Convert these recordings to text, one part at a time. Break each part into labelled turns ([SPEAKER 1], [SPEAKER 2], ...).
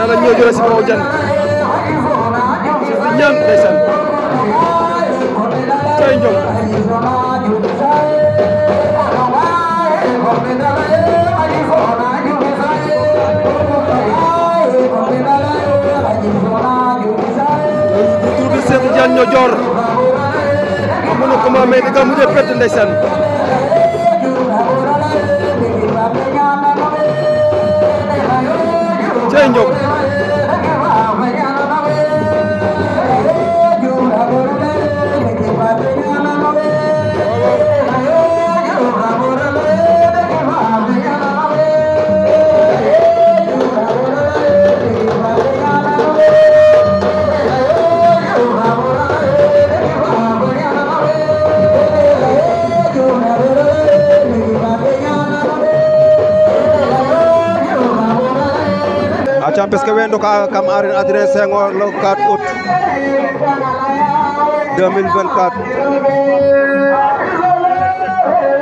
[SPEAKER 1] yàlla a jëlee si kaw jant ñaan ndeysaan tey njom tur bi ko ma may danga mujjee pett ndeysaan tey njom Champions ke doka kam arène Adrien Senghor le 4 août 2024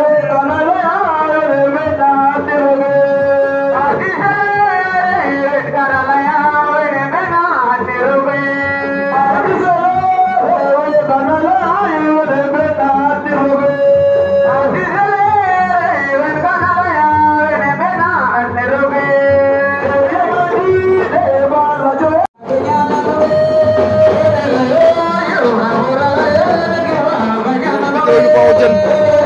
[SPEAKER 1] 保证。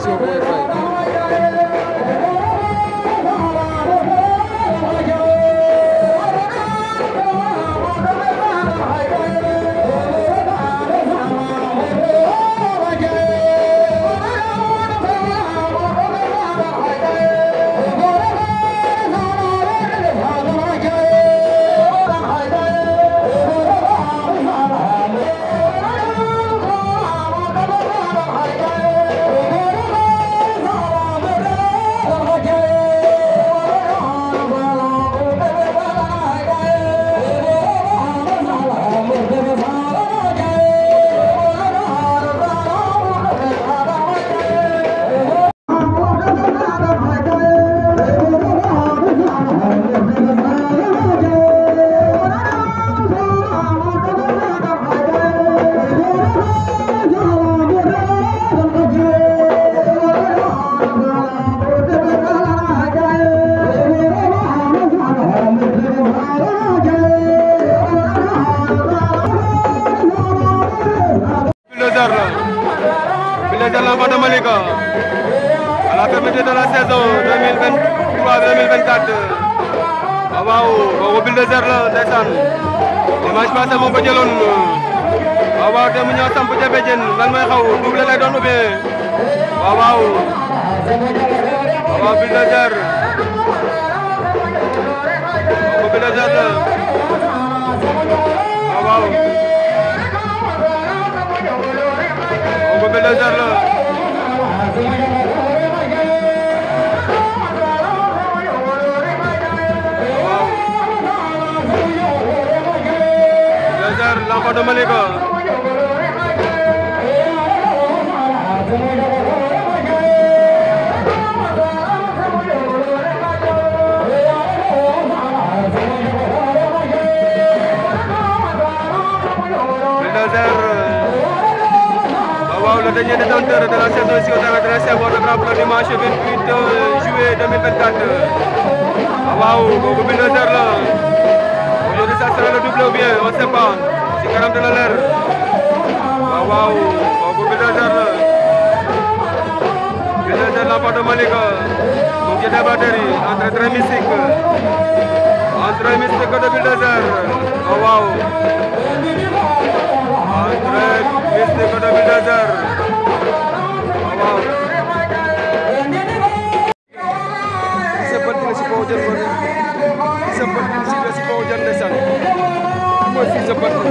[SPEAKER 1] 高兴。Sénégal à la la saison 2023-2024 ah, waaw boobu Bulldozer la ndeysaan dimanche passé moo ah, xaw double lay doon ubbee ah, waaw waaw waaw Bulldozer la waaw waaw boobu la jëmale ko oh, le dernier détenteur de la saison ici au terrain de l'ASC Bordeaux Grand Plan dimanche 28 juillet 2024 waaw boobu Bulldozer la aujourd'hui ça sera le double ou bien on ne sait pas ci kanam dina leer waaw waaw kooku la Buldozer l'enfant mu ngi débattre yi entre très mystique entre mystique de Buldozer waaw waaw ko de sëppal мой физиопатолог.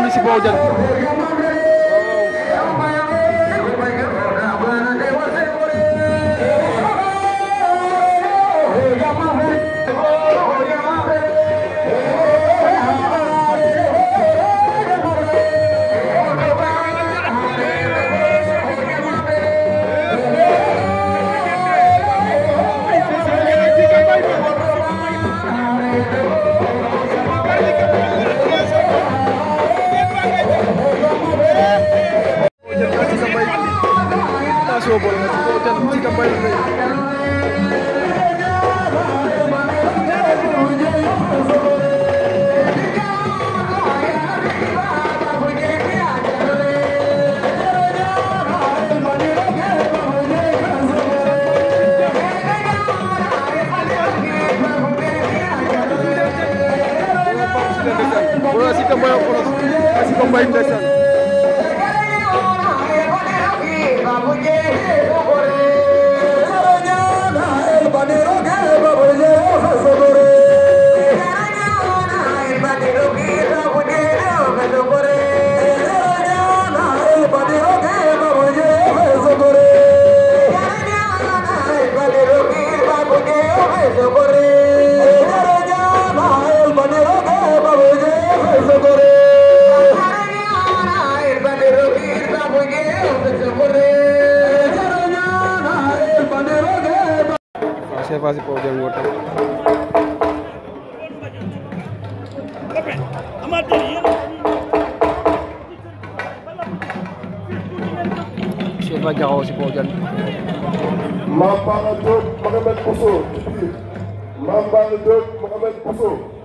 [SPEAKER 1] bañ ñu si boobu jant Siapa jauh si Pojan? tuh pakai mengambil kusur. Mame Balla Diop Mouhamed Bousso